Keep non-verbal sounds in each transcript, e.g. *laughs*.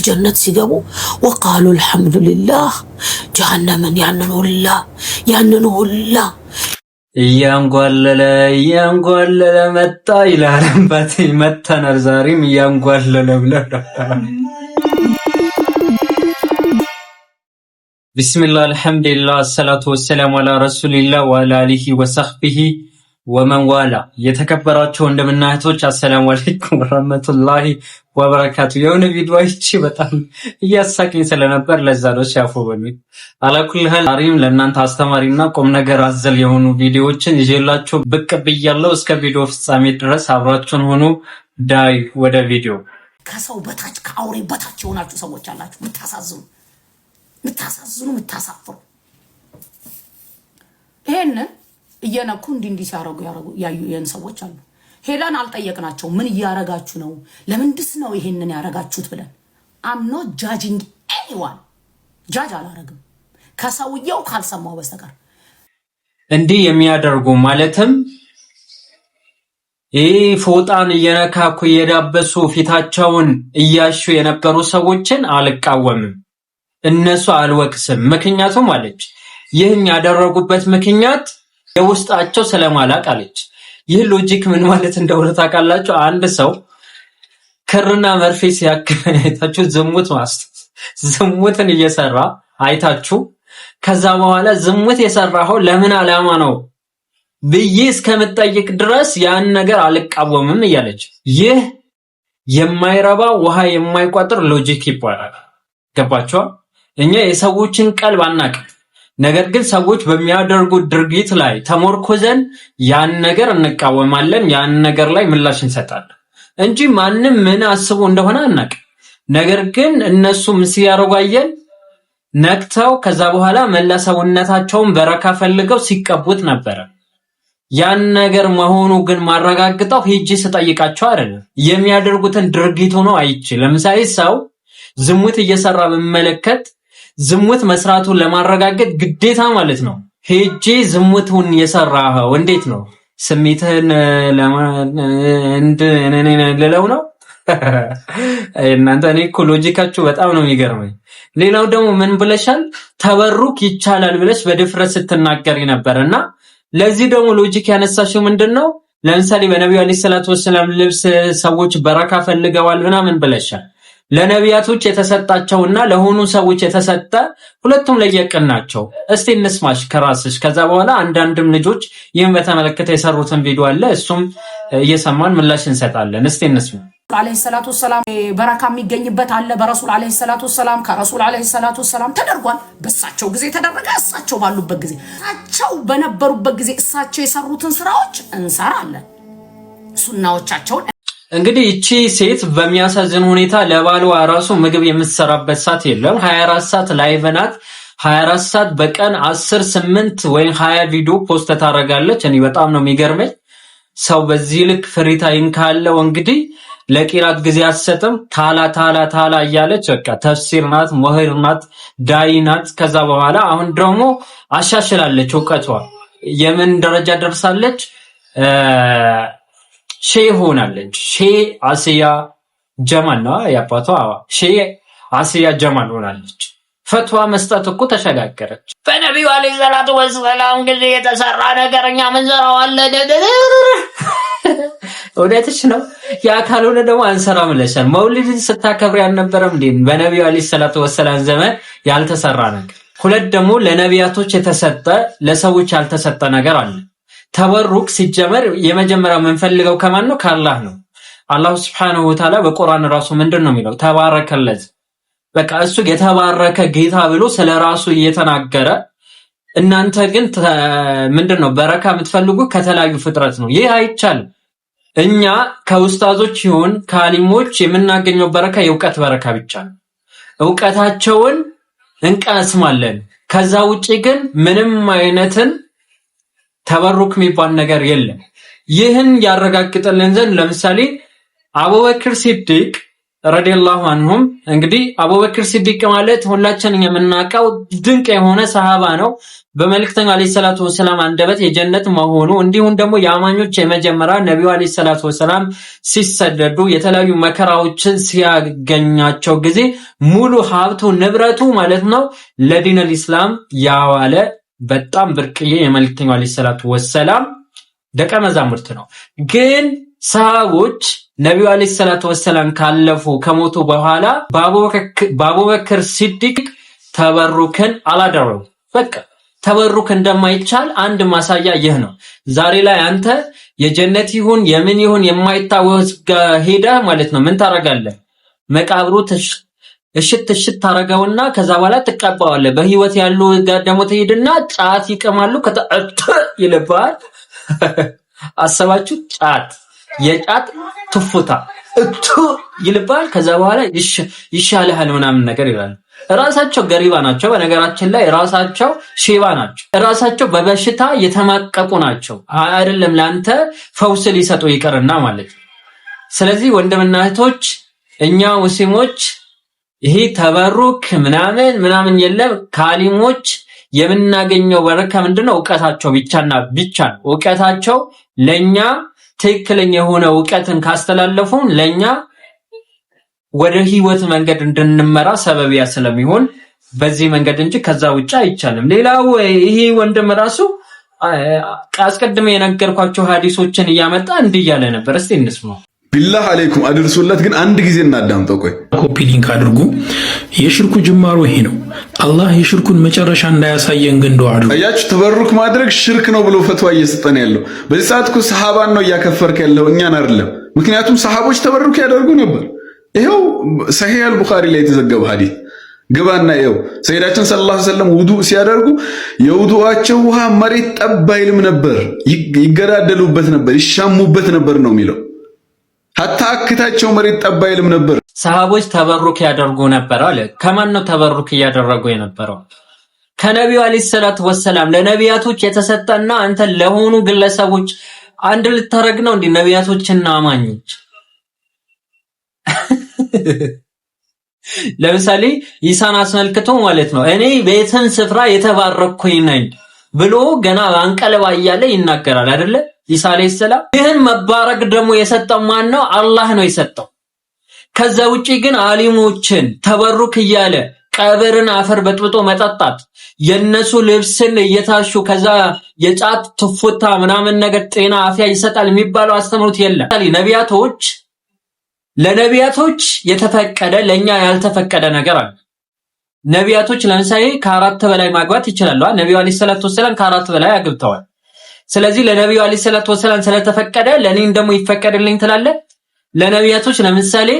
ከጀነት ሲገቡ ወቃሉ አልሐምዱሊላህ ጀሃነምን ያንን ሁላ ያንን ሁላ እያንጓለለ እያንጓለለ መጣ ይላል። አባት መተናል። ዛሬም እያንጓለለ ብለው ቢስሚላህ አልሐምዱሊላህ አሰላቱ ወሰላሙ አላ ረሱሊላህ ወአላ አሊሂ ወሰህቢሂ ወመንዋላ የተከበራቸው የተከበራችሁ እህቶች አሰላሙ አለይኩም ወራህመቱላሂ ወበረካቱ። የሆነ ቪዲዮ ይቺ በጣም እያሳቅኝ ስለነበር ለዛ ነው ሲያፎ በሚል አላኩልህል። ዛሬም ለእናንተ አስተማሪና ቁም ነገር አዘል የሆኑ ቪዲዮዎችን ይዤላችሁ ብቅ ብያለሁ። እስከ ቪዲዮ ፍጻሜ ድረስ አብራችሁን ሆኖ ዳይ ወደ ቪዲዮ። ከሰው በታች ከአውሬ በታች የሆናችሁ ሰዎች አላችሁ። ምታሳዝኑ ምታሳዝኑ ምታሳፍሩ ይሄንን እየነኩ እንዲህ እንዲህ ሲያረጉ ያዩን ሰዎች አሉ። ሄዳን አልጠየቅናቸው። ምን እያረጋችሁ ነው? ለምንድስ ነው ይሄንን ያረጋችሁት? ብለን አምኖ ጃጅንግ ኤኒዋን ጃጅ አላረግም ከሰውየው ካልሰማው በስተቀር እንዲህ የሚያደርጉ ማለትም ይህ ፎጣን እየነካኩ እየዳበሱ ፊታቸውን እያሹ የነበሩ ሰዎችን አልቃወምም፣ እነሱ አልወቅስም። ምክንያቱም አለች ይህን ያደረጉበት ምክንያት የውስጣቸው ስለማላቅ አለች። ይህ ሎጂክ ምን ማለት እንደሆነ ታውቃላችሁ? አንድ ሰው ክርና መርፌ ሲያክል *laughs* አይታችሁ ዝሙት ማስት ዝሙትን እየሰራ አይታችሁ ከዛ በኋላ ዝሙት የሰራኸው ለምን ዓላማ ነው ብዬ እስከምጠይቅ ድረስ ያን ነገር አልቃወምም እያለች ይህ የማይረባ ውሃ የማይቋጥር ሎጂክ ይባላል። ገባችኋል? እኛ የሰዎችን ቀልብ አናቅም። ነገር ግን ሰዎች በሚያደርጉት ድርጊት ላይ ተሞርኩዘን ያን ነገር እንቃወማለን፣ ያን ነገር ላይ ምላሽ እንሰጣለን እንጂ ማንም ምን አስቦ እንደሆነ አናውቅም። ነገር ግን እነሱ ምን ሲያረጓየን ነክተው ከዛ በኋላ መለሰውነታቸውን በረካ ፈልገው ሲቀቡት ነበረ። ያን ነገር መሆኑ ግን ማረጋግጠው ሄጂ ስጠይቃቸው አይደለም የሚያደርጉትን ድርጊት ሆኖ አይቼ ለምሳሌ ሰው ዝሙት እየሰራ ብመለከት ዝሙት መስራቱን ለማረጋገጥ ግዴታ ማለት ነው ሄጄ ዝሙቱን የሰራኸው እንዴት ነው ስሜትህን ልለው ነው *laughs* እናንተ እኔ እኮ ሎጂካችሁ በጣም ነው የሚገርመኝ። ሌላው ደግሞ ምን ብለሻል? ተበሩክ ይቻላል ብለሽ በድፍረት ስትናገሪ ነበር እና ለዚህ ደግሞ ሎጂክ ያነሳሽው ምንድን ነው? ለምሳሌ በነቢዩ ዓለይሂ ሰላቱ ወሰላም ልብስ ሰዎች በረካ ፈልገዋል ምናምን ብለሻል። ለነቢያቶች የተሰጣቸውና ለሆኑ ሰዎች የተሰጠ ሁለቱም ለየቅን ናቸው። እስቲ እንስማሽ ከራስሽ። ከዛ በኋላ አንዳንድም ልጆች ይህም በተመለከተ የሰሩትን ቪዲዮ አለ። እሱም እየሰማን ምላሽ እንሰጣለን። እስቲ እንስማ። አለይሂ ሰላቱ ሰላም በረካ የሚገኝበት አለ። በረሱል አለይሂ ሰላቱ ሰላም ከረሱል አለይሂ ሰላቱ ሰላም ተደርጓል። በእሳቸው ጊዜ ተደረገ። እሳቸው ባሉበት ጊዜ፣ እሳቸው በነበሩበት ጊዜ እሳቸው የሰሩትን ስራዎች እንሰራለን ሱናዎቻቸውን እንግዲህ ይቺ ሴት በሚያሳዝን ሁኔታ ለባሏ ራሱ ምግብ የምትሰራበት ሰዓት የለም። 24 ሰዓት ላይቭ ናት። 24 ሰዓት በቀን 10 8 ወይም 20 ቪዲዮ ፖስት ታደርጋለች። እኔ በጣም ነው የሚገርመኝ። ሰው በዚህ ልክ ፍሪ ካለው እንግዲህ ለቂራት ጊዜ አትሰጥም። ታላ ታላ ታላ እያለች በቃ ተፍሲር ናት፣ መህር ናት፣ ዳይ ናት። ከዛ በኋላ አሁን ደግሞ አሻሽላለች፣ እውቀቷ የምን ደረጃ ደርሳለች? ሼ ሆናለች። ሼ አስያ ጀማል ነው የአባቷ ሼ አስያ ጀማል ሆናለች። ፈትዋ መስጠት እኮ ተሸጋገረች። በነቢዩ አለ ሰላቱ ወሰላም ጊዜ የተሰራ ነገር እኛ ምንሰራዋለን። እውነትሽ ነው። ያ ካልሆነ ደግሞ አንሰራም ብለሻል። መውሊድን ስታከብሪ አልነበረም እንዴ? በነቢዩ አለ ሰላቱ ወሰላም ዘመን ያልተሰራ ነገር። ሁለት ደግሞ ለነቢያቶች የተሰጠ ለሰዎች ያልተሰጠ ነገር አለ። ተበሩክ ሲጀመር የመጀመሪያው የምንፈልገው ከማን ነው? ከአላህ ነው። አላሁ ስብሓነሁ ወተዓላ በቁርአን ራሱ ምንድን ነው የሚለው? ተባረከለት። በቃ እሱ የተባረከ ጌታ ብሎ ስለ ራሱ እየተናገረ እናንተ ግን ምንድን ነው በረካ የምትፈልጉ ከተለያዩ ፍጥረት ነው። ይህ አይቻልም። እኛ ከውስጣዞች ይሁን ከአሊሞች የምናገኘው በረካ የእውቀት በረካ ብቻ ነው። እውቀታቸውን እንቀስማለን። ከዛ ውጪ ግን ምንም አይነትን ተበሩክ የሚባል ነገር የለም። ይህን ያረጋግጠልን ዘንድ ለምሳሌ አቡበክር ሲዲቅ ረዲየላሁ አንሁም እንግዲህ አቡበክር ሲዲቅ ማለት ሁላችን የምናውቀው ድንቅ የሆነ ሰሃባ ነው። በመልእክተኛው አለይሂ ሰላቱ ወሰላም አንደበት የጀነት መሆኑ እንዲሁም ደግሞ የአማኞች የመጀመሪያ ነቢዩ አለይሂ ሰላቱ ወሰላም ሲሰደዱ የተለያዩ መከራዎችን ሲያገኛቸው ጊዜ ሙሉ ሀብቱ ንብረቱ ማለት ነው ለዲን ኢስላም ያዋለ በጣም ብርቅዬ የመልክተኛው ዓለይሂ ሰላቱ ወሰላም ደቀ መዛሙርት ነው። ግን ሰሃቦች ነቢዩ ዓለይሂ ሰላቱ ወሰላም ካለፉ ከሞቱ በኋላ በአቡበክር ሲዲቅ ተበሩክን አላደረጉ። በቃ ተበሩክ እንደማይቻል አንድ ማሳያ ይህ ነው። ዛሬ ላይ አንተ የጀነት ይሁን የምን ይሁን የማይታወቅ ሄደህ ማለት ነው ምን ታደርጋለህ? መቃብሩ እሽት እሽት ታረገውና ከዛ በኋላ ትቀባዋለህ። በህይወት ያሉ ደግሞ ትሄድና ጫት ይቀማሉ ከተአጥ ይልባል። አሰባችሁ? ጫት የጫት ትፉታ እቱ ይልባል። ከዛ በኋላ ይሻልሃል ምናምን ነገር ይላል። ራሳቸው ገሪባ ናቸው። በነገራችን ላይ ራሳቸው ሼባ ናቸው። ራሳቸው በበሽታ የተማቀቁ ናቸው። አይደለም ለአንተ ፈውስ ሊሰጡ ይቅርና ማለት ነው። ስለዚህ ወንድምና እህቶች እኛ ሙስሊሞች ይሄ ተበሩክ ምናምን ምናምን የለም። ከአሊሞች የምናገኘው በረካ ምንድነው? እውቀታቸው ብቻና ብቻ ነው። እውቀታቸው ለኛ ትክክለኛ የሆነ እውቀትን ካስተላለፉም ለኛ ወደ ህይወት መንገድ እንድንመራ ሰበቢያ ስለሚሆን በዚህ መንገድ እንጂ ከዛ ውጭ አይቻልም። ሌላው ይሄ ወንድም ራሱ አስቀድሜ የነገርኳቸው ሀዲሶችን እያመጣ እንዲህ እያለ ነበር። እስቲ እንስማው። ቢላህ አሌይኩም አድርሱለት። ግን አንድ ጊዜ እናዳምጠው። ቆይ ኮፒ ሊንክ አድርጉ። የሽርኩ ጅማሮ ይሄ ነው። አላህ የሽርኩን መጨረሻ እንዳያሳየን ግን ዱዓ አድርጉ። እያችሁ ተበሩክ ማድረግ ሽርክ ነው ብሎ ፈትዋ እየሰጠን ያለው በዚህ ሰዓት እኮ ሰሃባን ነው እያከፈርክ ያለው እኛን አይደለም። ምክንያቱም ሰሃቦች ተበሩክ ያደርጉ ነበር። ይኸው ሰሂህ አልቡኻሪ ላይ የተዘገበ ሐዲስ ግባና ይኸው ሰይዳችን ሰለላሁ ዐለይሂ ወሰለም ውዱእ ሲያደርጉ የውዱአቸው ውሃ መሬት ጠብ አይልም ነበር፣ ይገዳደሉበት ነበር፣ ይሻሙበት ነበር ነው የሚለው ሀታ አክታቸው መሬት ጠባ አይልም ነበር። ሰሃቦች ተበሩክ ያደርጉ ነበር አለ። ከማን ነው ተበሩክ እያደረጉ የነበረው? ከነቢዩ አለይሂ ሰላቱ ወሰላም። ለነቢያቶች የተሰጠና አንተ ለሆኑ ግለሰቦች አንድ ልታረግ ነው እንዴ? ነቢያቶችና አማኞች *laughs* ለምሳሌ ኢሳን አስመልክቶ ማለት ነው እኔ ቤትን ስፍራ የተባረኩኝ ነኝ ብሎ ገና አንቀለባ እያለ ይናገራል አይደለ? ኢሳ አለይሂ ሰላም። ይህን መባረክ ደግሞ የሰጠው ማን ነው? አላህ ነው የሰጠው። ከዛ ውጪ ግን አሊሞችን ተበሩክ እያለ ቀብርን አፈር በጥብጦ መጠጣት የነሱ ልብስን እየታሹ ከዛ የጫት ትፉታ ምናምን ነገር ጤና አፍያ ይሰጣል የሚባለው አስተምሮት የለም። ነቢያቶች ለነቢያቶች የተፈቀደ ለኛ ያልተፈቀደ ነገር አለ። ነቢያቶች ለምሳሌ ከአራት በላይ ማግባት ይችላሉ። ነቢዩ አለይሂ ሰላቱ ወሰላም ከአራት በላይ አግብተዋል። ስለዚህ ለነቢዩ አለይሂ ሰላቱ ወሰላም ስለተፈቀደ ለኔም ደግሞ ይፈቀድልኝ ትላለ? ለነቢያቶች ለምሳሌ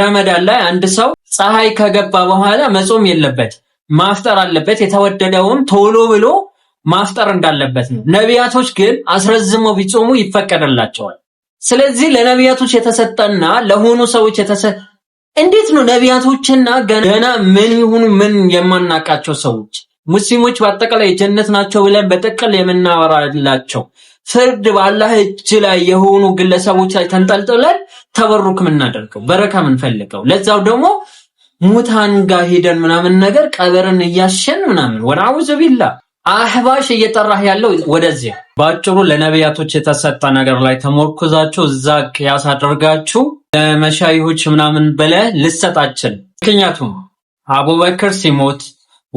ረመዳን ላይ አንድ ሰው ፀሐይ ከገባ በኋላ መጾም የለበት ማፍጠር አለበት። የተወደደውን ቶሎ ብሎ ማፍጠር እንዳለበት ነው። ነቢያቶች ግን አስረዝመው ቢጾሙ ይፈቀደላቸዋል። ስለዚህ ለነቢያቶች የተሰጠና ለሆኑ ሰዎች የተሰ እንዴት ነው ነቢያቶችና ገና ምን ይሁኑ ምን የማናቃቸው ሰዎች ሙስሊሞች በአጠቃላይ ጀነት ናቸው ብለን በጥቅል የምናወራላቸው ፍርድ በአላህ እጅ ላይ የሆኑ ግለሰቦች ላይ ተንጠልጥለን ተበሩክ የምናደርገው በረካ የምንፈልገው ለዛው ደግሞ ሙታን ጋር ሄደን ምናምን ነገር ቀበርን እያሸን ምናምን ወደ አውዝ ቢላ አህባሽ እየጠራህ ያለው ወደዚህ በአጭሩ ለነቢያቶች የተሰጠ ነገር ላይ ተሞርኩዛችሁ እዛ ቅያስ አድርጋችሁ ለመሻይሆች ምናምን ብለህ ልሰጣችን ምክንያቱም አቡበክር ሲሞት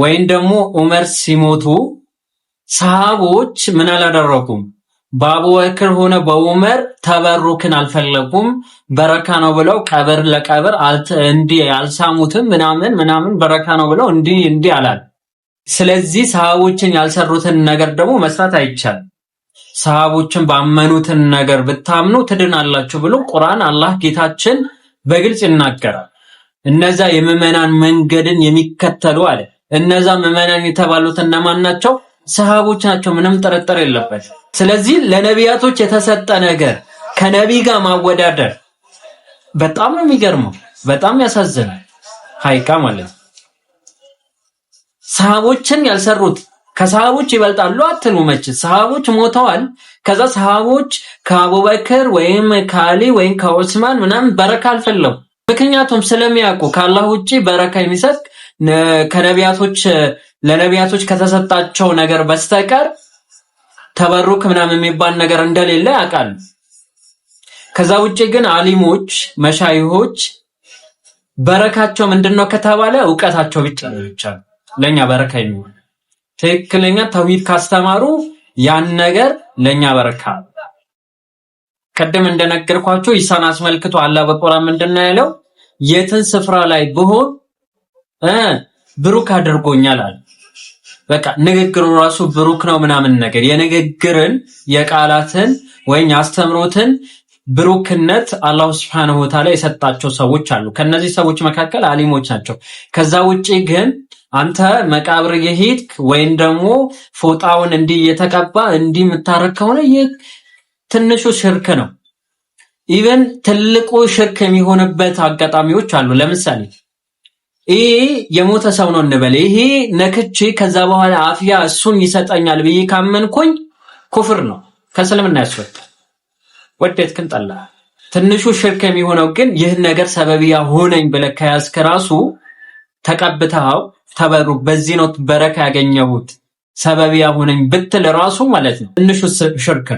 ወይም ደግሞ ዑመር ሲሞቱ ሰሃቦች ምን አላደረጉም? በአቡበክር ሆነ በዑመር ተበሩክን አልፈለጉም፣ በረካ ነው ብለው ቀብር ለቀብር እንዲህ አልሳሙትም፣ ምናምን ምናምን በረካ ነው ብለው እንዲህ እንዲህ አላል። ስለዚህ ሰሃቦችን ያልሰሩትን ነገር ደግሞ መስራት አይቻልም። ሰሃቦችን ባመኑትን ነገር ብታምኑ ትድናላችሁ ብሎ ቁርአን አላህ ጌታችን በግልጽ ይናገራል። እነዛ የምዕመናን መንገድን የሚከተሉ አለ እነዛ ምዕመናን የተባሉት እነማን ናቸው? ሰሃቦች ናቸው። ምንም ጥርጥር የለበት። ስለዚህ ለነቢያቶች የተሰጠ ነገር ከነቢ ጋር ማወዳደር በጣም ነው የሚገርመው። በጣም ያሳዝናል። ሀይቃ ማለት ሰሃቦችን ያልሰሩት ከሰሃቦች ይበልጣሉ አትሉ መች ሰሃቦች ሞተዋል። ከዛ ሰሃቦች ከአቡበክር ወይም ከአሊ ወይም ከዑስማን ምናምን በረካ አልፈለው ምክንያቱም ስለሚያውቁ ከአላህ ውጪ በረካ የሚሰጥ ከነቢያቶች ለነቢያቶች ከተሰጣቸው ነገር በስተቀር ተበሩክ ምናምን የሚባል ነገር እንደሌለ ያውቃሉ። ከዛ ውጭ ግን አሊሞች መሻይሆች በረካቸው ምንድን ነው ከተባለ እውቀታቸው ብቻ ነው። ብቻ ለኛ በረካ የሚሆን ትክክለኛ ተውሂድ ካስተማሩ ያን ነገር ለኛ በረካ። ቅድም እንደነገርኳቸው ኢሳን አስመልክቶ አላህ በቁርአን ምንድን ነው ያለው? የትን ስፍራ ላይ ብሆን ብሩክ አድርጎኛል አለ። በቃ ንግግሩ ራሱ ብሩክ ነው ምናምን ነገር የንግግርን የቃላትን ወይም አስተምሮትን ብሩክነት አላሁ ስብሐነሁ ወተዓላ የሰጣቸው ሰዎች አሉ። ከነዚህ ሰዎች መካከል አሊሞች ናቸው። ከዛ ውጪ ግን አንተ መቃብር የሄድክ ወይም ደግሞ ፎጣውን እንዲህ እየተቀባ እንዲህ የምታረግ ከሆነ ይህ ትንሹ ሽርክ ነው። ኢቨን ትልቁ ሽርክ የሚሆንበት አጋጣሚዎች አሉ። ለምሳሌ ይሄ የሞተ ሰው ነው እንበል። ይሄ ነክቼ ከዛ በኋላ አፍያ እሱን ይሰጠኛል ብዬ ካመንኩኝ ኩፍር ነው፣ ከእስልምና ያስወጣል። ወደድክን ጠላ። ትንሹ ሽርክ የሚሆነው ግን ይህን ነገር ሰበቢያ ሆነኝ ብለህ ከያዝክ ራሱ ተቀብተኸው ተበሩ በዚህ ነው በረካ ያገኘሁት ሰበቢያ ሆነኝ ብትል ራሱ ማለት ነው ትንሹ ሽርክ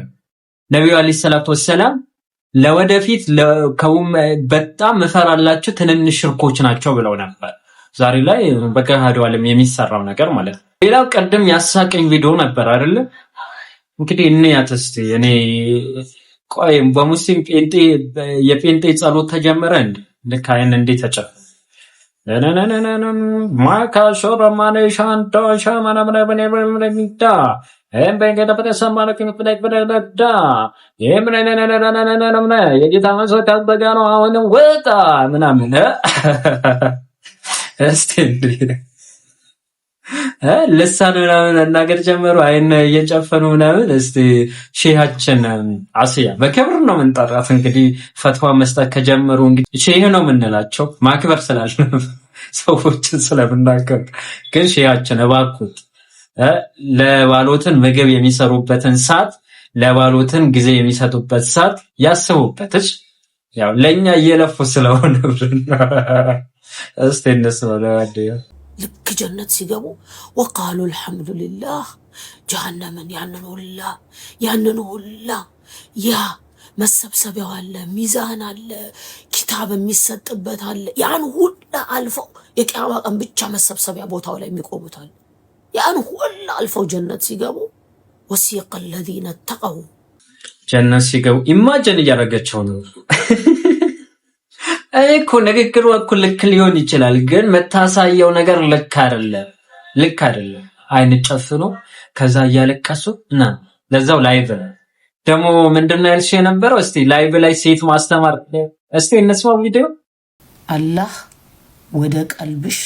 ነቢዩ አለይሂ ሰላቱ ወሰላም ለወደፊት በጣም እፈራላቸው ትንንሽ ሽርኮች ናቸው ብለው ነበር። ዛሬ ላይ በገሃዱ ዓለም የሚሰራው ነገር ማለት ነው። ሌላው ቅድም ያሳቀኝ ቪዲዮ ነበር አይደለ? እንግዲህ እኔ እስኪ። እኔ ቆይ በሙስሊም ጴንጤ የጴንጤ ጸሎት ተጀመረ እንዲ ልክ አይን እንዴ ተጨፈ ማካሾ ረማኔሻንዳሻ ማናምናምናሚዳ በጌታ በተሰማ በደረዳ የጌታ መስዋዕት ያበጋ ነው። አሁንም ወጣ ምናምን እስቲ ልሳን ምናምን እናገር ጀመሩ። አይን እየጨፈኑ ምናምን እስቲ ሼሃችን አስያ በክብር ነው የምንጠራት። እንግዲህ ፈትዋ መስጠት ከጀመሩ እንግዲህ ሼህ ነው የምንላቸው ማክበር ስላለ ሰዎችን ስለምናገር ግን ሼሃችን እባክዎት ለባሎትን ምግብ የሚሰሩበትን ሰዓት ለባሎትን ጊዜ የሚሰጡበት ሰዓት ያስቡበትች። ያው ለእኛ እየለፉ ስለሆነ *laughs* እስቲ እነሱ ልክ ጀነት ሲገቡ ወቃሉ አልሐምዱሊላህ ጀሃነምን ያንን ሁላ ያንን ሁላ ያ መሰብሰቢያው አለ፣ ሚዛን አለ፣ ኪታብ የሚሰጥበት አለ። ያን ሁላ አልፈው የቅያማ ቀን ብቻ መሰብሰቢያ ቦታው ላይ የሚቆሙታል። ያን ሁላ አልፈው ጀነት ሲገቡ ወሲቀ ለዚነ ተቀው ጀነት ሲገቡ ኢማጀን እያደረገቸው ነው *laughs* እኮ። ንግግሩ እኮ ልክ ሊሆን ይችላል፣ ግን መታሳየው ነገር ልክ አይደለም። ልክ አይደለም። አይን ጨፍኖ ከዛ እያለቀሱ እና ለዛው ላይቭ ደግሞ ምንድነው ያልሽ የነበረው? እስቲ ላይቭ ላይ ሴት ማስተማር እስቲ እነስማው ቪዲዮ አላህ ወደ ቀልብሽ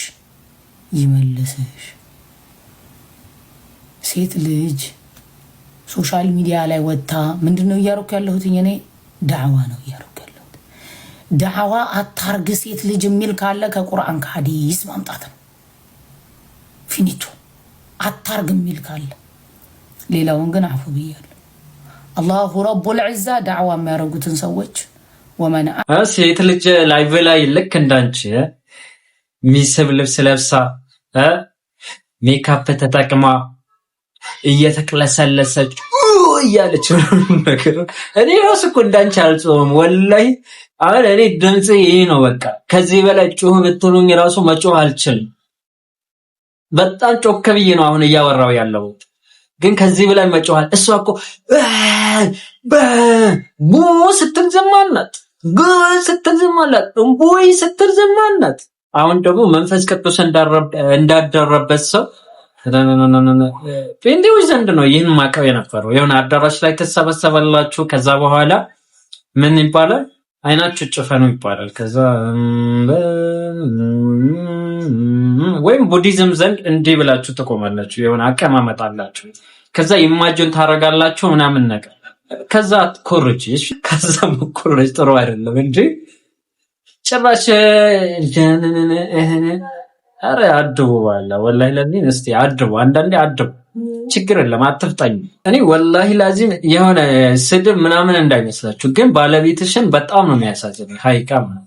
ይመልስሽ ሴት ልጅ ሶሻል ሚዲያ ላይ ወጥታ ምንድን ነው እያረኩ ያለሁት? እኔ ዳዕዋ ነው እያረኩ ያለሁት። ዳዕዋ አታርግ ሴት ልጅ የሚል ካለ ከቁርአን ከሀዲስ ማምጣት ነው። ፊኒቶ አታርግ የሚል ካለ ሌላውን ግን አፉ ብያለሁ። አላሁ ረቡል ዒዛ ዳዕዋ የሚያደርጉትን ሰዎች ወመን ሴት ልጅ ላይቭ ላይ ልክ እንዳንቺ ሚስብ ልብስ ለብሳ ሜካፕ ተጠቅማ እየተቅለሰለሰች እያለች ነገር እኔ ራሱ እኮ እንዳንቺ አልጾም ወላይ። አሁን እኔ ድምፅ ይሄ ነው በቃ። ከዚህ በላይ ጩህ ብትሉኝ ራሱ መጮህ አልችልም። በጣም ጮክ ብዬ ነው አሁን እያወራው ያለው፣ ግን ከዚህ በላይ መጮሃል። እሷ እኮ ቡ ስትል ዝም አልናት፣ ግ ስትል ዝም አልናት፣ ስትል ዝም አሁን ደግሞ መንፈስ ቅዱስ እንዳደረበት ሰው ጴንጤዎች ዘንድ ነው ይህን ማቀብ የነበረው። የሆነ አዳራሽ ላይ ትሰበሰባላችሁ። ከዛ በኋላ ምን ይባላል? አይናችሁ ጭፈኑ ይባላል። ከዛ ወይም ቡዲዝም ዘንድ እንዲህ ብላችሁ ትቆማላችሁ። የሆነ አቀማመጥ አላችሁ። ከዛ ኢማጅን ታደርጋላችሁ ምናምን ነገር። ከዛ ኮርች። ከዛ መኮረች ጥሩ አይደለም እንጂ ጭራሽ አረ አድቡ ባላ ወላሂ ለዚህን እስቲ አድቡ። አንዳንዴ አድቡ ችግር የለም አትፍጠኝ። እኔ ወላሂ ላዚም የሆነ ስድብ ምናምን እንዳይመስላችሁ፣ ግን ባለቤትሽን በጣም ነው የሚያሳዝን። ሀይቃ ማለት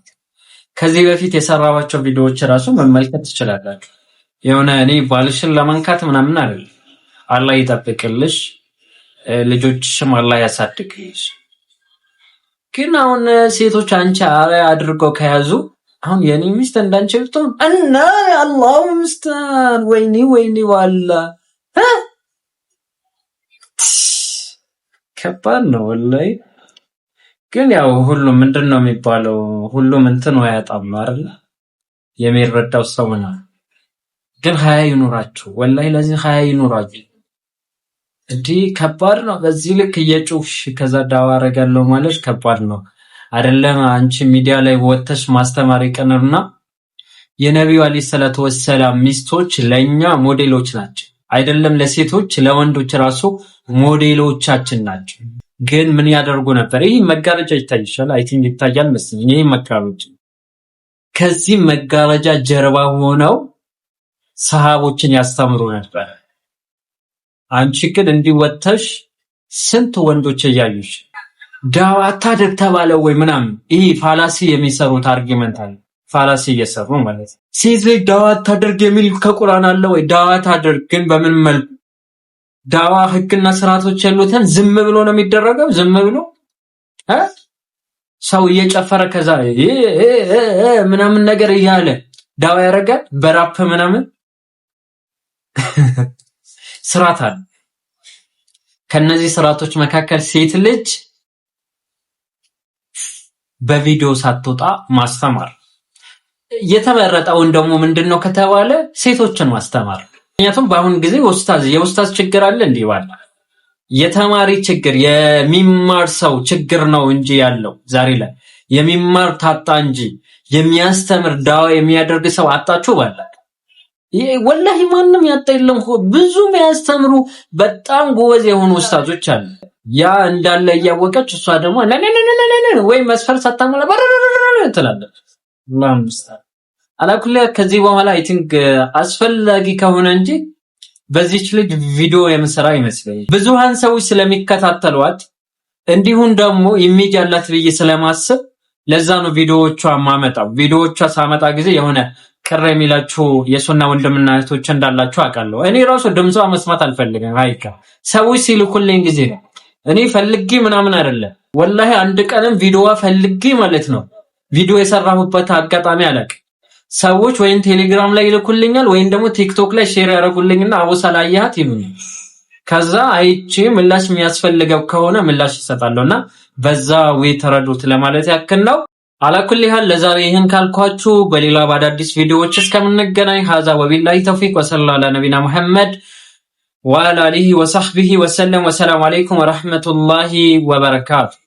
ከዚህ በፊት የሰራባቸው ቪዲዮዎች ራሱ መመልከት ትችላላችሁ። የሆነ እኔ ባልሽን ለመንካት ምናምን አይደለም። አላህ ይጠብቅልሽ፣ ልጆችሽም አላህ ያሳድግልሽ። ግን አሁን ሴቶች አንቺ አረ አድርገው ከያዙ አሁን የኔ ሚስት እንዳንቺ ብትሆን እና አላሁ ምስተን ወይኒ ወይኒ ዋላ ከባድ ነው ወላይ። ግን ያው ሁሉም ምንድን ነው የሚባለው ሁሉም እንትን አያጣም ነው አይደል? የሚረዳው ሰው ነው። ግን ሀያ ይኑራችሁ ወላይ፣ ለዚህ ሀያ ይኑራችሁ። እንዲህ ከባድ ነው። በዚህ ልክ እየጮሽ ከዛ ዳዋ አረጋለሁ ማለት ከባድ ነው። አይደለም አንቺ ሚዲያ ላይ ወጥተሽ ማስተማር ይቀርና የነቢዩ አለይሂ ሰላቱ ወሰላም ሚስቶች ለኛ ሞዴሎች ናቸው። አይደለም ለሴቶች ለወንዶች ራሱ ሞዴሎቻችን ናቸው። ግን ምን ያደርጉ ነበር? ይህ መጋረጃ ይታይሻል፣ አይ ቲንክ ይታያል መሰለኝ። ይህ መጋረጃ ከዚህ መጋረጃ ጀርባ ሆነው ሰሃቦችን ያስተምሩ ነበር። አንቺ ግን እንዲወተሽ ስንት ወንዶች እያዩሽ ዳዋታ አታድርግ ተባለ ወይ ምናምን፣ ይህ ፋላሲ የሚሰሩት አርጊመንት አለ። ፋላሲ እየሰሩ ማለት ነው። ሴት ልጅ ዳዋ አታድርግ የሚል ከቁርአን አለ ወይ? ዳዋ ታድርግ ግን በምን መልኩ? ዳዋ ህግና ስርዓቶች ያሉትን ዝም ብሎ ነው የሚደረገው። ዝም ብሎ እ ሰው እየጨፈረ ከዛ ምናምን ነገር እያለ ዳዋ ያደርጋል በራፕ ምናምን። *laughs* ስርዓት አለ። ከነዚህ ስርዓቶች መካከል ሴት ልጅ በቪዲዮ ሳትወጣ ማስተማር። የተመረጠውን ደግሞ ምንድን ነው ከተባለ ሴቶችን ማስተማር። ምክንያቱም በአሁን ጊዜ ኡስታዝ የኡስታዝ ችግር አለ እንዲህ ባል የተማሪ ችግር የሚማር ሰው ችግር ነው እንጂ ያለው ዛሬ ላይ የሚማር ታጣ እንጂ የሚያስተምር ዳዋ የሚያደርግ ሰው አጣችሁ ባለ ወላሂ ማንም ያጣ የለም። ብዙ የሚያስተምሩ በጣም ጎበዝ የሆኑ ኡስታዞች አሉ። ያ እንዳለ እያወቀች እሷ ደግሞ ወይም መስፈርት ሳታሟላ ትላለች። አላኩል ከዚህ በኋላ አይ ቲንክ አስፈላጊ ከሆነ እንጂ በዚች ልጅ ቪዲዮ የምሰራ ይመስለኝ ብዙሃን ሰዎች ስለሚከታተሏት እንዲሁም ደግሞ ኢሜጅ አላት ብዬ ስለማስብ ለዛ ነው ቪዲዮዎቿ ማመጣው። ቪዲዮዎቿ ሳመጣ ጊዜ የሆነ ቅር የሚላችሁ የሱና ወንድምና እህቶች እንዳላችሁ አውቃለሁ። እኔ ራሱ ድምጿ መስማት አልፈልግም። አይካ ሰዎች ሲልኩልኝ ጊዜ ነው እኔ ፈልጌ ምናምን አይደለም ወላሂ አንድ ቀንም ቪዲዮዋ ፈልጌ ማለት ነው ቪዲዮ የሰራሁበት አጋጣሚ አላውቅም። ሰዎች ወይም ቴሌግራም ላይ ይልኩልኛል ወይም ደግሞ ቲክቶክ ላይ ሼር ያደርጉልኝና አወሳ ላያት ይሉኝ። ከዛ አይቼ ምላሽ የሚያስፈልገው ከሆነ ምላሽ ይሰጣለሁ በዛ ወይ ተረዱት ለማለት ያክል ነው። አላኩል ያህል ለዛሬ ይህን ካልኳችሁ በሌላ በአዳዲስ ቪዲዮዎች እስከምንገናኝ ሀዛ ወቢላሂ ተውፊቅ ወሰላ አላ መሐመድ وعلى آله وصحبه وسلم والسلام عليكم ورحمة الله وبركاته